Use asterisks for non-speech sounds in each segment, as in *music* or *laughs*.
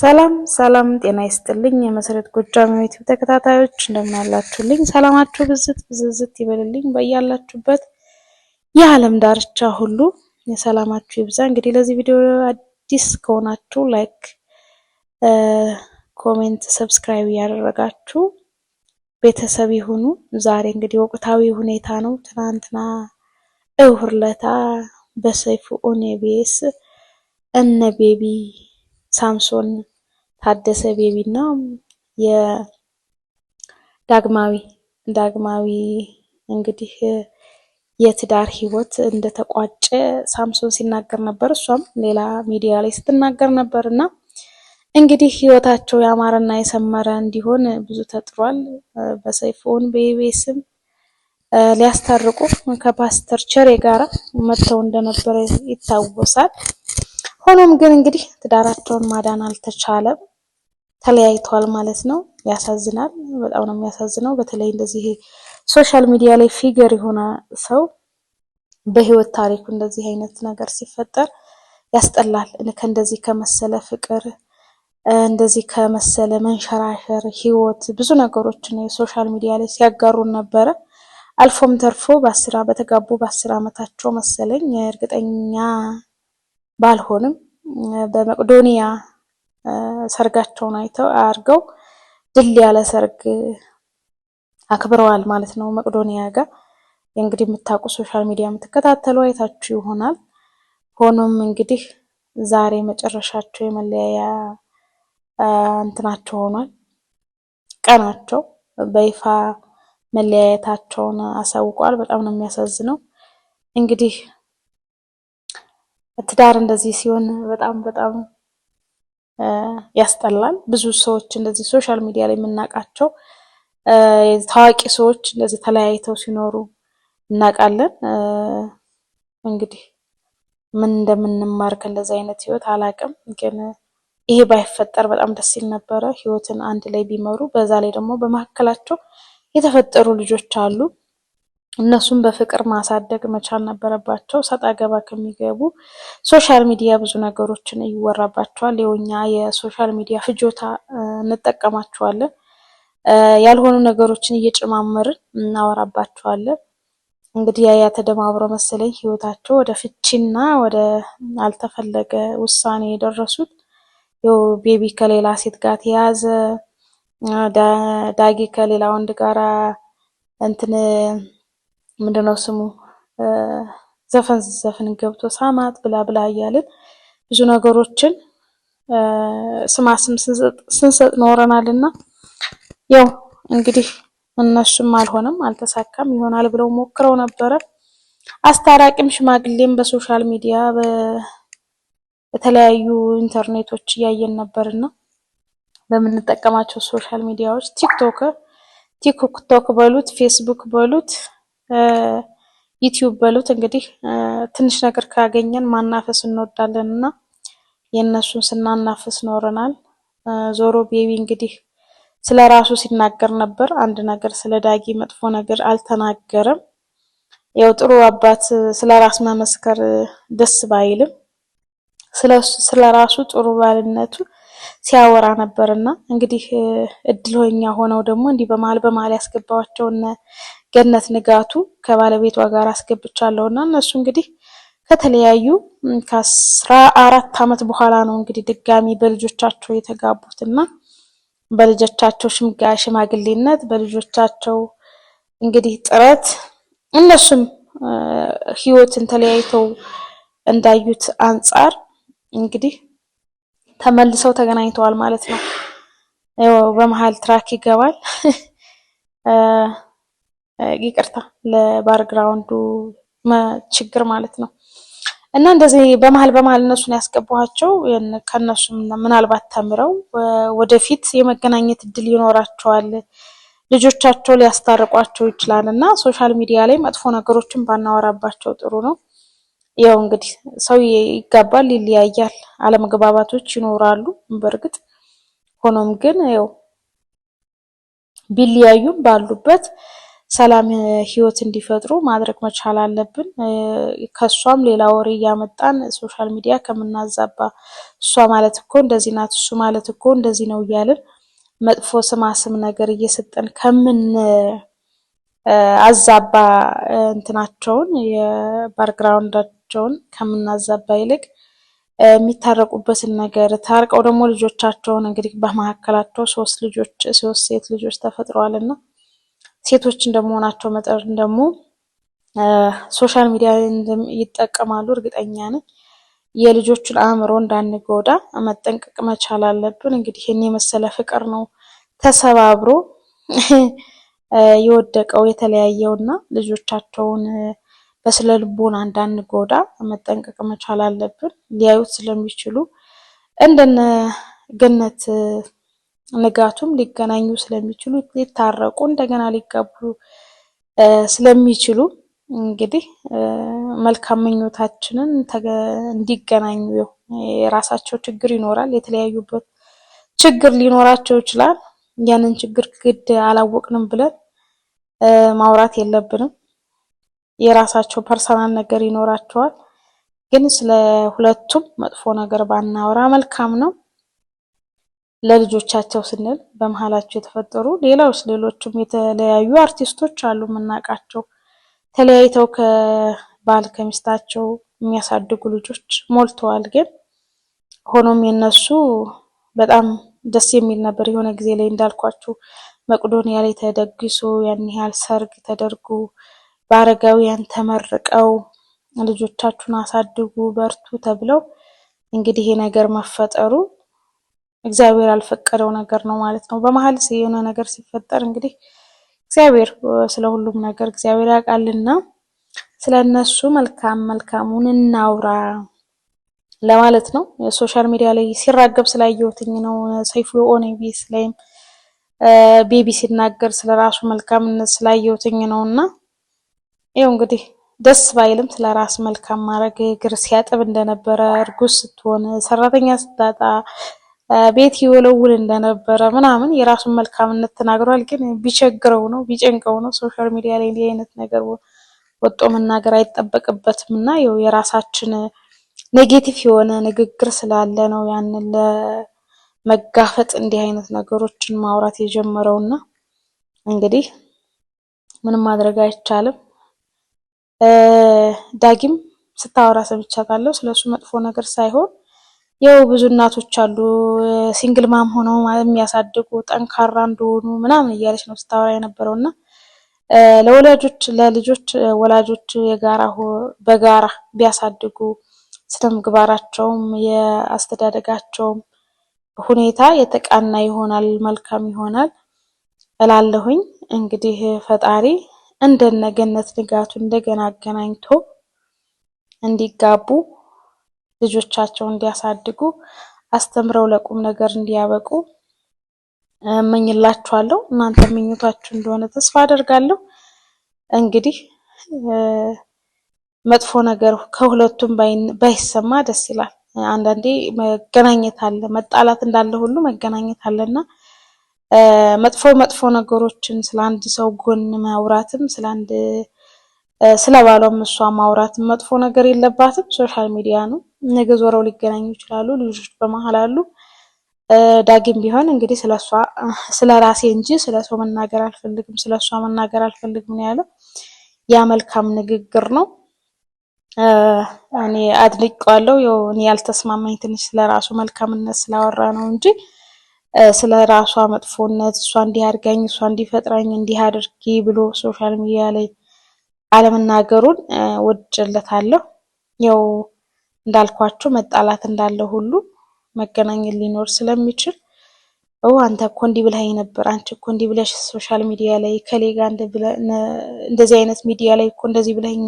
ሰላም ሰላም፣ ጤና ይስጥልኝ የመሰረት ጎጃም ዩቲዩብ ተከታታዮች እንደምን አላችሁልኝ? ሰላማችሁ ብዝት ብዝዝት ይበልልኝ በያላችሁበት የዓለም ዳርቻ ሁሉ የሰላማችሁ ይብዛ። እንግዲህ ለዚህ ቪዲዮ አዲስ ከሆናችሁ ላይክ፣ ኮሜንት፣ ሰብስክራይብ እያደረጋችሁ ቤተሰብ ይሁኑ። ዛሬ እንግዲህ ወቅታዊ ሁኔታ ነው። ትናንትና እውህርለታ በሰይፉ ኦን ኢቢኤስ እነ ቤቢ ሳምሶን ታደሰ ቤቢ እና የዳግማዊ ዳግማዊ እንግዲህ የትዳር ህይወት እንደተቋጨ ሳምሶን ሲናገር ነበር። እሷም ሌላ ሚዲያ ላይ ስትናገር ነበር እና እንግዲህ ህይወታቸው ያማረና የሰመረ እንዲሆን ብዙ ተጥሯል። በሰይፎን በኢቢኤስም ሊያስታርቁ ከፓስተር ቸሬ ጋራ መጥተው እንደነበረ ይታወሳል። ሆኖም ግን እንግዲህ ትዳራቸውን ማዳን አልተቻለም፣ ተለያይተዋል ማለት ነው። ያሳዝናል። በጣም ነው የሚያሳዝነው። በተለይ እንደዚህ ሶሻል ሚዲያ ላይ ፊገር የሆነ ሰው በህይወት ታሪኩ እንደዚህ አይነት ነገር ሲፈጠር ያስጠላል። ከእንደዚህ ከመሰለ ፍቅር እንደዚህ ከመሰለ መንሸራሸር ህይወት ብዙ ነገሮችን የሶሻል ሚዲያ ላይ ሲያጋሩን ነበረ። አልፎም ተርፎ በአስራ በተጋቡ በአስር ዓመታቸው መሰለኝ እርግጠኛ ባልሆንም በመቅዶኒያ ሰርጋቸውን አይተው አድርገው ድል ያለ ሰርግ አክብረዋል ማለት ነው። መቅዶኒያ ጋር እንግዲህ የምታውቁ ሶሻል ሚዲያ የምትከታተሉ አይታችሁ ይሆናል። ሆኖም እንግዲህ ዛሬ መጨረሻቸው የመለያያ እንትናቸው ሆኗል። ቀናቸው በይፋ መለያየታቸውን አሳውቀዋል። በጣም ነው የሚያሳዝነው እንግዲህ ትዳር እንደዚህ ሲሆን በጣም በጣም ያስጠላል። ብዙ ሰዎች እንደዚህ ሶሻል ሚዲያ ላይ የምናውቃቸው ታዋቂ ሰዎች እንደዚህ ተለያይተው ሲኖሩ እናውቃለን። እንግዲህ ምን እንደምንማር ከእንደዚህ አይነት ህይወት አላውቅም፣ ግን ይሄ ባይፈጠር በጣም ደስ ይል ነበረ። ህይወትን አንድ ላይ ቢመሩ። በዛ ላይ ደግሞ በመካከላቸው የተፈጠሩ ልጆች አሉ። እነሱን በፍቅር ማሳደግ መቻል ነበረባቸው። ሰጣ ገባ ከሚገቡ ሶሻል ሚዲያ ብዙ ነገሮችን ይወራባቸዋል። የውኛ የሶሻል ሚዲያ ፍጆታ እንጠቀማቸዋለን። ያልሆኑ ነገሮችን እየጨማመርን እናወራባቸዋለን። እንግዲህ ያ ተደማምሮ መሰለኝ ህይወታቸው ወደ ፍቺና ወደ አልተፈለገ ውሳኔ የደረሱት። ያው ቤቢ ከሌላ ሴት ጋር ተያዘ፣ ዳጊ ከሌላ ወንድ ጋራ እንትን ምንድነው ስሙ ዘፈን ዘፈን ገብቶ ሳማት ብላ ብላ እያልን ብዙ ነገሮችን ስማ ስም ስንሰጥ ኖረናል እና ያው እንግዲህ እነሱም አልሆነም አልተሳካም ይሆናል ብለው ሞክረው ነበረ። አስታራቂም ሽማግሌም በሶሻል ሚዲያ በተለያዩ ኢንተርኔቶች እያየን ነበርና በምንጠቀማቸው ሶሻል ሚዲያዎች ቲክቶክ ቲክቶክ በሉት ፌስቡክ በሉት ዩቲዩብ በሉት እንግዲህ ትንሽ ነገር ካገኘን ማናፈስ እንወዳለን እና የእነሱን ስናናፍስ ኖረናል። ዞሮ ቤቢ እንግዲህ ስለ ራሱ ሲናገር ነበር። አንድ ነገር ስለ ዳጊ መጥፎ ነገር አልተናገረም። ያው ጥሩ አባት ስለ ራስ መመስከር ደስ ባይልም ስለ ራሱ ጥሩ ባልነቱ ሲያወራ ነበር እና እንግዲህ እድለኛ ሆነው ደግሞ እንዲህ በመሀል በመሀል ያስገባዋቸው እነ ገነት ንጋቱ ከባለቤቷ ጋር አስገብቻለሁ እና እነሱ እንግዲህ ከተለያዩ ከአስራ አራት አመት በኋላ ነው እንግዲህ ድጋሚ በልጆቻቸው የተጋቡት እና በልጆቻቸው ሽምጋ ሽማግሌነት በልጆቻቸው እንግዲህ ጥረት እነሱም ህይወትን ተለያይተው እንዳዩት አንጻር እንግዲህ ተመልሰው ተገናኝተዋል ማለት ነው። በመሀል ትራክ ይገባል። *laughs* ይቅርታ ለባርግራውንዱ ችግር ማለት ነው። እና እንደዚህ በመሀል በመሀል እነሱን ያስገቧቸው ከነሱም ምናልባት ተምረው ወደፊት የመገናኘት እድል ይኖራቸዋል፣ ልጆቻቸው ሊያስታርቋቸው ይችላል እና ሶሻል ሚዲያ ላይ መጥፎ ነገሮችን ባናወራባቸው ጥሩ ነው። ያው እንግዲህ ሰው ይጋባል፣ ይለያያል፣ አለመግባባቶች ይኖራሉ በእርግጥ ሆኖም ግን ያው ቢለያዩም ባሉበት ሰላም ህይወት እንዲፈጥሩ ማድረግ መቻል አለብን። ከሷም ሌላ ወሬ እያመጣን ሶሻል ሚዲያ ከምናዛባ እሷ ማለት እኮ እንደዚህ ናት፣ እሱ ማለት እኮ እንደዚህ ነው እያልን መጥፎ ስማስም ነገር እየሰጠን ከምን አዛባ እንትናቸውን የባክግራውንድ ልጆቻቸውን ከምናዛባ ይልቅ የሚታረቁበትን ነገር ታርቀው ደግሞ ልጆቻቸውን እንግዲህ በመካከላቸው ሶስት ልጆች ሶስት ሴት ልጆች ተፈጥረዋል እና ሴቶች እንደመሆናቸው መጠን ደግሞ ሶሻል ሚዲያ ይጠቀማሉ። እርግጠኛ ነን። የልጆቹን አእምሮ እንዳንጎዳ መጠንቀቅ መቻል አለብን። እንግዲህ ይህን የመሰለ ፍቅር ነው ተሰባብሮ የወደቀው የተለያየውና ልጆቻቸውን በስነ ልቦና እንዳንጎዳ መጠንቀቅ መቻል አለብን። ሊያዩት ስለሚችሉ እንደነ ገነት ንጋቱም ሊገናኙ ስለሚችሉ ሊታረቁ እንደገና ሊጋቡ ስለሚችሉ እንግዲህ መልካም ምኞታችንን እንዲገናኙ የራሳቸው ችግር ይኖራል። የተለያዩበት ችግር ሊኖራቸው ይችላል። ያንን ችግር ግድ አላወቅንም ብለን ማውራት የለብንም። የራሳቸው ፐርሰናል ነገር ይኖራቸዋል። ግን ስለ ሁለቱም መጥፎ ነገር ባናወራ መልካም ነው። ለልጆቻቸው ስንል በመሀላቸው የተፈጠሩ ሌላውስ ሌሎችም የተለያዩ አርቲስቶች አሉ የምናውቃቸው ተለያይተው ከባል ከሚስታቸው የሚያሳድጉ ልጆች ሞልተዋል። ግን ሆኖም የነሱ በጣም ደስ የሚል ነበር። የሆነ ጊዜ ላይ እንዳልኳችሁ መቅዶኒያ ላይ ተደግሶ ያን ያህል ሰርግ ተደርጎ በአረጋውያን ተመርቀው ልጆቻችሁን አሳድጉ በርቱ ተብለው እንግዲህ ይሄ ነገር መፈጠሩ እግዚአብሔር ያልፈቀደው ነገር ነው ማለት ነው። በመሀል የሆነ ነገር ሲፈጠር እንግዲህ እግዚአብሔር ስለ ሁሉም ነገር እግዚአብሔር ያውቃልና ስለ እነሱ መልካም መልካሙን እናውራ ለማለት ነው። ሶሻል ሚዲያ ላይ ሲራገብ ስላየሁትኝ ነው። ሰይፉ ኦን ቤቢስ ላይም ቤቢ ሲናገር ስለ ራሱ መልካምነት ስላየሁትኝ ነው እና ይው እንግዲህ ደስ ባይልም ስለ ራስ መልካም ማድረግ እግር ሲያጥብ እንደነበረ እርጉዝ ስትሆን ሰራተኛ ስታጣ ቤት ይወለውል እንደነበረ ምናምን የራሱን መልካምነት ተናግሯል። ግን ቢቸግረው ነው ቢጨንቀው ነው ሶሻል ሚዲያ ላይ እንዲህ አይነት ነገር ወጦ መናገር አይጠበቅበትም እና ው የራሳችን ኔጌቲቭ የሆነ ንግግር ስላለ ነው ያንን ለመጋፈጥ እንዲህ አይነት ነገሮችን ማውራት የጀመረውና እንግዲህ ምንም ማድረግ አይቻልም። ዳጊም ስታወራ ሰምቻ ካለው ስለሱ መጥፎ ነገር ሳይሆን ያው ብዙ እናቶች አሉ ሲንግል ማም ሆነው የሚያሳድጉ ጠንካራ እንደሆኑ ምናምን እያለች ነው ስታወራ የነበረው እና ለወላጆች ለልጆች ወላጆች የጋራ በጋራ ቢያሳድጉ ስነ ምግባራቸውም የአስተዳደጋቸውም ሁኔታ የተቃና ይሆናል፣ መልካም ይሆናል እላለሁኝ። እንግዲህ ፈጣሪ እንደነገነት ንጋቱ እንደገና አገናኝቶ እንዲጋቡ ልጆቻቸውን እንዲያሳድጉ አስተምረው ለቁም ነገር እንዲያበቁ እመኝላችኋለሁ። እናንተ ምኞታችሁ እንደሆነ ተስፋ አደርጋለሁ። እንግዲህ መጥፎ ነገር ከሁለቱም ባይሰማ ደስ ይላል። አንዳንዴ መገናኘት አለ፣ መጣላት እንዳለ ሁሉ መገናኘት አለና መጥፎ መጥፎ ነገሮችን ስለ አንድ ሰው ጎን ማውራትም ስለ አንድ ስለ ባሏም እሷ ማውራትም መጥፎ ነገር የለባትም። ሶሻል ሚዲያ ነው። ነገ ዞረው ሊገናኙ ይችላሉ። ልጆች በመሀል አሉ። ዳግም ቢሆን እንግዲህ ስለሷ ስለ ራሴ እንጂ ስለ ሰው መናገር አልፈልግም፣ ስለ እሷ መናገር አልፈልግም ነው ያለው። ያ መልካም ንግግር ነው። እኔ አድንቄዋለሁ። ያው እኔ ያልተስማማኝ ትንሽ ስለ ራሱ መልካምነት ስላወራ ነው እንጂ ስለ ራሷ መጥፎነት እሷ እንዲህ እሷ እንዲፈጥረኝ እንዲህ አድርጊ ብሎ ሶሻል ሚዲያ ላይ አለመናገሩን ወድጀለታለሁ። ያው እንዳልኳችሁ መጣላት እንዳለ ሁሉ መገናኘት ሊኖር ስለሚችል አንተ እኮ እንዲህ ብለኸኝ ነበር፣ አንቺ እኮ እንዲህ ብለሽ ሶሻል ሚዲያ ላይ ከሌጋ እንደዚህ አይነት ሚዲያ ላይ እኮ እንደዚህ ብለኸኝ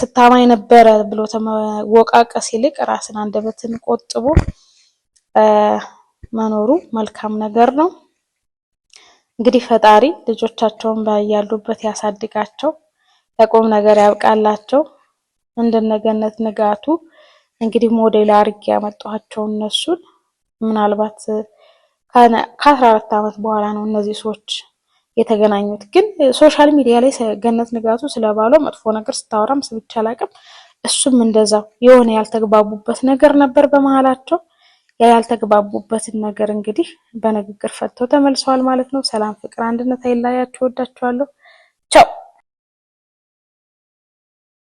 ስታማኝ ነበረ ብሎ ተመወቃቀስ ይልቅ ራስን አንደበትን ቆጥቦ መኖሩ መልካም ነገር ነው። እንግዲህ ፈጣሪ ልጆቻቸውን ባያሉበት ያሳድጋቸው፣ ለቁም ነገር ያብቃላቸው። እንደነገነት ንጋቱ እንግዲህ ሞዴል አድርጌ ያመጣኋቸው እነሱን ምናልባት ከአስራ አራት ዓመት በኋላ ነው እነዚህ ሰዎች የተገናኙት። ግን ሶሻል ሚዲያ ላይ ገነት ንጋቱ ስለ መጥፎ ነገር ስታወራም ስብቻ አላቅም። እሱም እንደዛው የሆነ ያልተግባቡበት ነገር ነበር በመሀላቸው። ያልተግባቡበትን ነገር እንግዲህ በንግግር ፈትተው ተመልሰዋል ማለት ነው። ሰላም፣ ፍቅር፣ አንድነት አይለያችሁ። ወዳችኋለሁ። ቻው